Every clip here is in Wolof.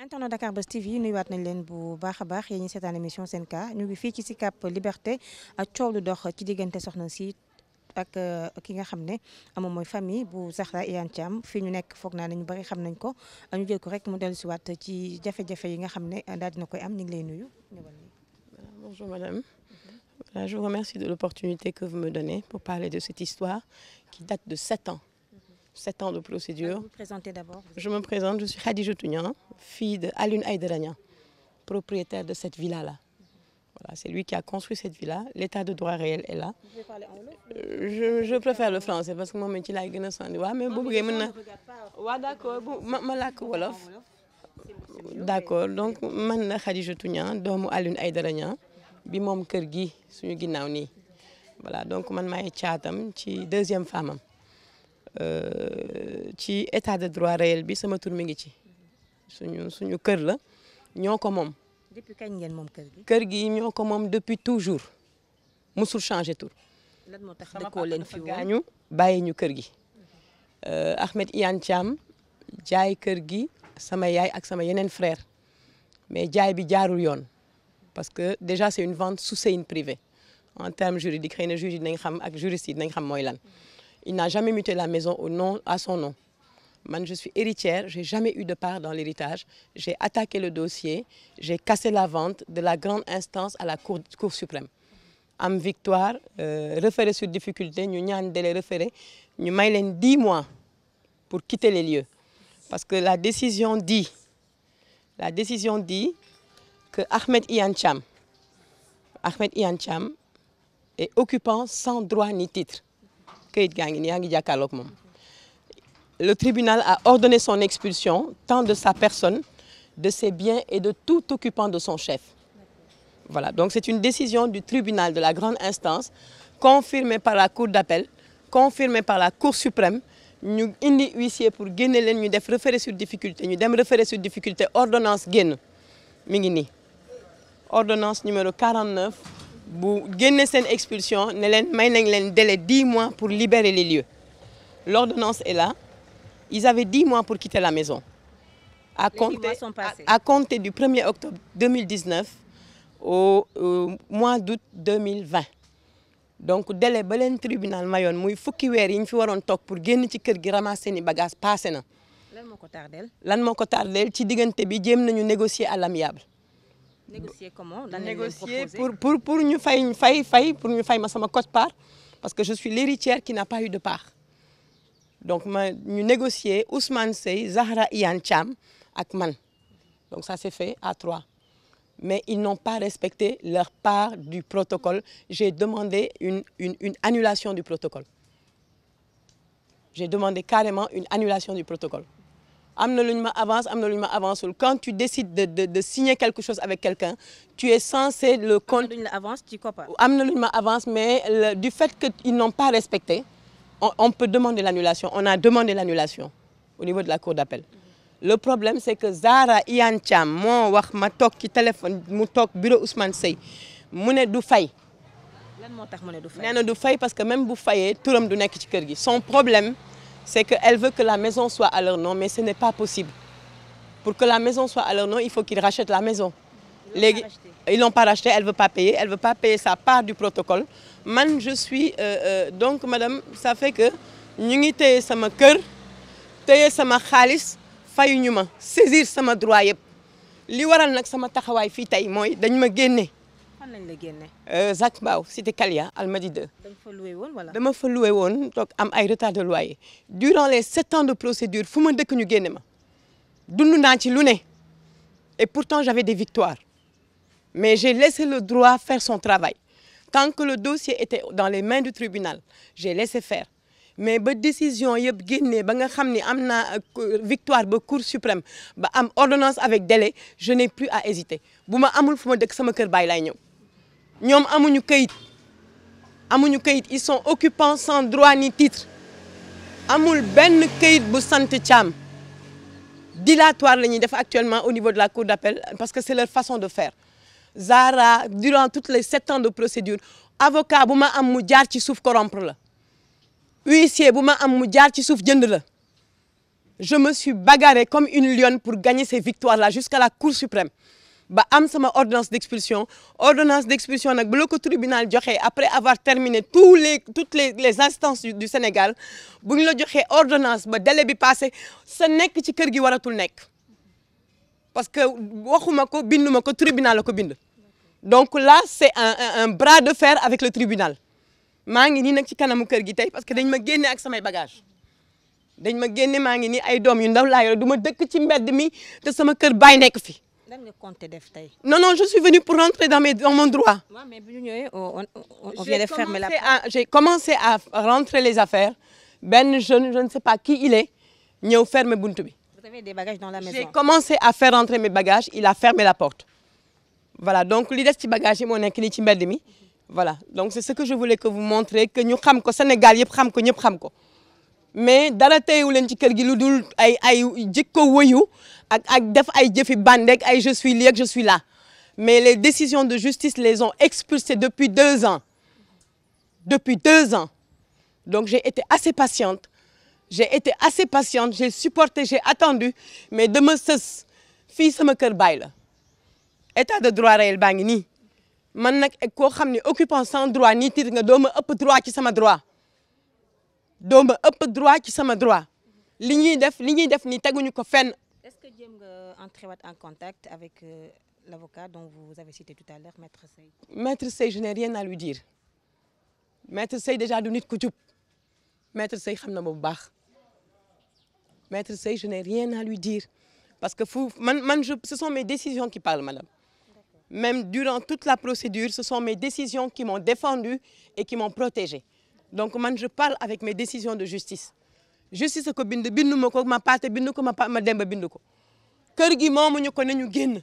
internet Dakar Buzz TV nuyuwaat nañ leen bu baax a baax yéen ñi seetaan émission seen cas ñu ngi fii ci si Sicap Liberté ak coow lu dox ci diggante soxna si ak euh, ki nga xam ne moom mooy famille bu Zahra Iyane Thiam fii ñu nekk foog naa ne ñu bari xam nañ ko ñu jël ko rek mu dellu si waat ci jafe-jafe yi nga xam ne daal koy am ñu ngi lay nuyu. bonjour madame. voilà je vous remercie de l'opportunité que vous me donnez pour parler de cette histoire qui date de sept ans de procédure. Vous vous présentez d'abord. Je me présente, je suis Khadija Tounian, fille de Alun Aïderania, propriétaire de cette villa-là. c'est lui qui a construit cette villa. L'état de droit réel est là. Euh, je, préfère le français parce que moom ci laay gën a sandi waaw mais bu bëggee na waaw d'accord bu ma ma làkk wolof euh, d'accord donc man na Khadija Tounian doomu Alioune Aïdara Niang bi moom kër gi suñu ginnaaw nii voilà donc man maay caatam ci deuxième femme Euh, ci état de droit réel bi sama tur mi ngi ci suñu suñu kër la ñoo ko moom. depuis kañ ngeen moom kër kër gi ñoo ko moom depuis toujours musul changé tur. lan moo tax dëkkoo leen fi gaañu bàyyi ñu kër gi. Euh, Ahmed Iyane Thiam jaay kër gi sama yaay ak sama yeneen frère mais jaay bi jaarul yoon parce que déjà c'est une vente sous seing privé en termes juridiques xëy na juge nañ xam ak juriste yi dinañ xam mooy lan. Il n'a jamais muté la maison au nom, à son nom. Man, je suis héritière, j'ai jamais eu de part dans l'héritage. J'ai attaqué le dossier, j'ai cassé la vente de la grande instance à la Cour, cour suprême. am victoire euh, référé sur difficulté ñu ñaan délai référé ñu may leen dix mois pour quitter les lieux parce que la décision dit la décision dit que Ahmed Iyane Thiam Ahmed Iyane Thiam est occupant sans droit ni titre kayit gaa ngi nii yaa ngi jàkkaarloog moom le tribunal a ordonné son expulsion tant de sa personne de ses biens et de tout occupant de son chef voilà donc c'est une décision du tribunal de la grande instance confirmée par la cour d'appel par la cour ñu indi huissier pour génne leen ñu def référé sur difficulté ñu dem référé sur difficulté ordonnance génn mi ngi nii bu génne seen expulsion ne leen may nañ leen délai dix mois pour libérer les lieux l'ordonnance est là ils avaient dix mois pour quitter la maison à compter à, à compter du 1er octobre 2019 au, au mois d'août 2020 donc délai ba leen tribunal mayoon muy fukki weer yi ñu fi waroon toog pour génn ci kër gi ramasser seeni bagage passé na lan moo ko tardeel lan moo ko tardeel ci diggante bi jéem nañu négocier à l'amiable négocier comment lan négocier pour pour pour ñu fay fay fay pour ñu fay ma sama quote-part parce que je suis l'héritière qui n'a pas eu de part donc ma ñu négocier Ousmane Seye Zahra Iyane Thiam ak man donc ça s'est fait à trois mais ils n'ont pas respecté leur part du protocole j'ai demandé une une une annulation du protocole j'ai demandé carrément une annulation du protocole am na lu ñu ma avance am na lu ñu ma avanceul quand tu décides de de de signer quelque chose avec quelqu'un tu es censé le compte am na lu ñu ma avance mais le, du fait que ils n'ont pas respecté on, on peut demander l'annulation on a demandé l'annulation au niveau de la cour d'appel le problème c'est que Zahra Iyane Thiam moo wax ma toog ci téléphone mu toog bureau Ousmane Seye mu ne du fay lan moo tax mu ne du fay nee na du fay parce que même bu fayee turam du nekk ci kër gi son problème c'est qu'elle veut que la maison soit à leur nom mais ce n'est pas possible pour que la maison soit à leur nom il faut qu'ils rachètent la maison léegi ils l'ont pas racheté elle veut pas payer elle veut pas payer sa part du protocole man je suis euh, euh, donc madame ça fait que ñu ngi téye sama kër téye sama xaalis fayuñu ma saisir sama droit yëpp li waral nag sama taxawaay fii tey mooy dañ ma génne fan lañ la génnee. Euh, Zac Mbao cité Kalia Almadies 2. dama fa loué woon wala. dama fa woon toog am ay retard de loyer durant les sept ans de procédure fu ma dëkk ñu génne ma dund naa ci lu ne et pourtant j'avais des victoires mais j'ai laissé le droit faire son travail tant que le dossier était dans les mains du tribunal j'ai laissé faire. mais ba décision yëpp génnee ba nga xam ni am naa euh, victoire ba cour suprême ba am ordonnance avec délai je n'ai plus à hésiter bu ma amul fu ma dëkk sama kër baay laay ñëw ñoom amuñu kayit amuñu kayit ils sont occupants sans droit ni titre amul benn kayit bu sant Thiam dilatoire la ñuy def actuellement au niveau de la cour d'appel parce que c'est leur façon de faire Zahra durant toutes les sept ans de procédure avocat bu ma am mu jaar ci suuf corrompre la huissier bu ma am mu jaar ci suuf jënd la je me suis bagarrée comme une lionne pour gagner ces victoires là jusqu'à la cour suprême ba am sama ordonnance d'expulsion ordonnance d'expulsion nag bu la ko tribunal joxe après avoir terminé tous les toutes les les instances du Sénégal bu ñu la joxee ordonnance ba délai bi passé sa nekk ci kër gi waratul nekk parce que waxuma ko binduma ko tribunal la ko bind donc la c'est un un bras de fer avec le tribunal maa ngi nii nag ci kanamu kër gi tey parce que dañ ma génne ak samay bagages dañ ma génne maa ngi nii ay doom yu ndaw laa du ma dëkk ci mbedd mi te sama kër baay nekk fi lan nga compté def tey. non non je suis venue pour rentrer dans mes dans mon droit. waaw mais bu ñu ñëwee on on on vient de fermer la. j'ai commencé à rentrer les affaires benn jeune je ne sais pas qui il est ñëw fermer buntu bi. vous avez des bagages dans la maison. j'ai commencé à faire rentrer mes bagages il a fermé la porte. voilà donc li des ci bagages yi moo nekk nii ci mbedd mi voilà donc c'est ce que je voulais que vous montrez que ñu xam ko Sénégal yëpp xam ko ñëpp xam ko. mais dara teewu leen ci kër gi lu dul ay ay jikko wëyu ak ak def ay jëfi bandek ay je suis lié je suis là mais les décisions de justice les ont expulsés depuis deux ans depuis deux ans donc j'ai été assez patiente j'ai été assez patiente j'ai supporté j'ai attendu mais dama sës fii sama kër baay la état de droit réel baa ngi nii man nag koo xam ne occupant sans droit ni tiit nga dooma ëpp droit ci sama droit doo ma ëpp droit ci sama droit li ñuy def li ñuy def nii teguñu ko fenn. est-ce que jéem nga entrer waat en contact avec euh, l'avocat dont vous avez cité tout à l'heure maître Seye. maître Seye je n'ai rien à lui dire maître Seye déjà du nit ku jub maître xam na ma bu baax maître Seye je n'ai rien à lui dire parce que fu man man je ce sont mes décisions qui parlent madame. Même durant toute la procédure, ce sont mes décisions qui m'ont défendue et qui m'ont protégée. donc man je parle avec mes décision de justice justice ko bind bindu ma ko ma paate bind ko ma ma demba bind ko kër gi moomuñu ko nañu génn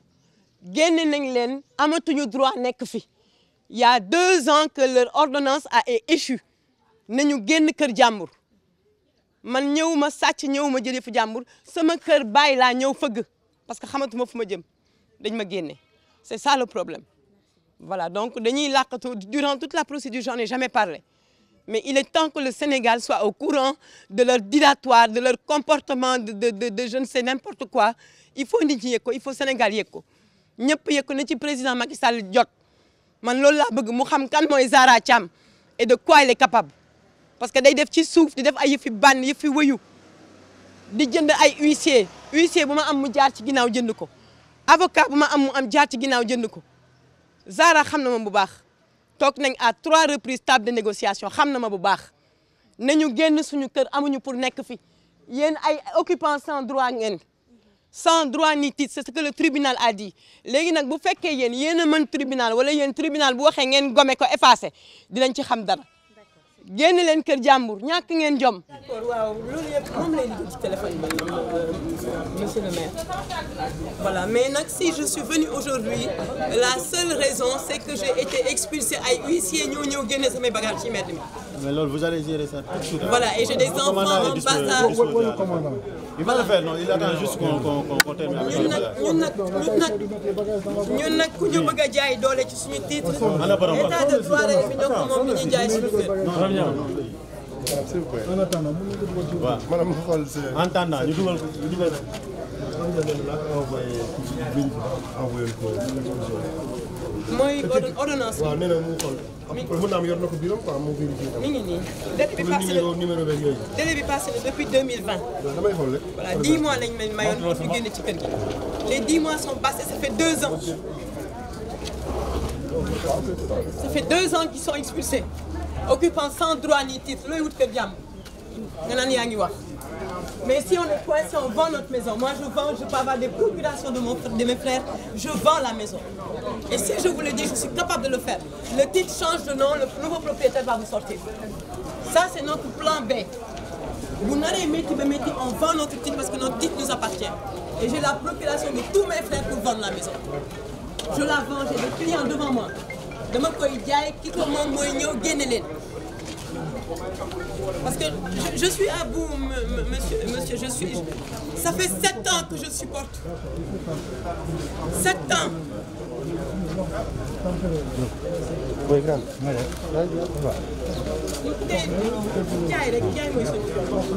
génn nañ leen amatuñu droit nekk fi ya y a deux ans que leur ordonnance a échu nañu génn kër jàmbur man ñëw ma sàcc ñëw ma jëlee fu jàmbur sama kër bàyyi laa ñëw fëgg parce que xamatuma fu ma jëm dañ ma génne c'est ça le problème voilà donc dañuy làqatu durant toute la procédure j'en ai jamais parlé Mais il est temps que le Sénégal soit au courant de leur dilatoire, de leur comportement, de, de, de, de je quoi. Il faut nit ñi yëg ko il faut Sénégal yëg ko ñëpp yëg na ci président Macky Sall jot man loolu laa bëgg mu xam kan mooy Zahra Thiam et de quoi il capable parce que day def ci suuf di def ay yëfi bànn yëfi wëyu di jënd ay huissier huissier bu ma am mu jaar ci ginnaaw jënd ko avocat bu ma am mu am jaar ci ginnaaw jënd ko Zahra xam na moom bu baax toog nañ à trois reprises table de négociation xam na ma bu baax nañu génn suñu kër amuñu pour nekk fi yéen ay occupants sans droit ngeen sans droit ni titre c'est ce que le tribunal a léegi nag bu fekkee yéen yéen a mën tribunal wala yéen tribunal bu waxee ngeen gome ko effacé dinañ ci xam dana génn leen kër jàmbur ñàkk ngeen jom. d'accord waaw loolu yëpp moom lay euh, mais nag si je suis venue aujourd'hui la seule raison c'est que j'ai été expulsée ay huissiers ñoo ñëw génne samay bagages ci mbedd mi. mais loolu vous voilà et j'ai des enfants en bas Il va le faire, non il attend juste qu'on qu'on termine avec ñun nag ñun nag ñun nag ku ñu bëgg a jaay doole ci suñu titre état de droit rek fi donc moom mi ñu jaay suñu kër. waaw maanaam xool si. en temps ñu dugal ko ñu dugal ko. mooy ordonnance waaw nee na mu xool mën naa am yor na ko biiram mu mi ngi nii délai passé na numéro beeg yooyu délai bi passé na depuis mois lañ may mayoon pour ñu génn ci kër gi les 10 mois sont passés ça fait 2 ans ça fait 2 ans qu'ils sont expulsés occupant sans droit ni titre looy nga naan yaa ngi wax mais si on est si on vend notre maison je vends je peux je vends la maison et si je vous le je suis capable de le faire le titre change de nom le nouveau propriétaire va vous sortir c'est notre plan B bu naree métti parce que notre titre nous appartient et j'ai la procuration de tous mes frères pour vendre la maison je la vends j'ai des clients devant moi dama koy jaay ki ko moom mooy ñëw génne leen Parce que je, je suis à bout, monsieur, monsieur, je suis... Ça fait sept ans que je supporte. Sept ans. Oui, grand. Écoutez, jaay rek jaay mooy solution.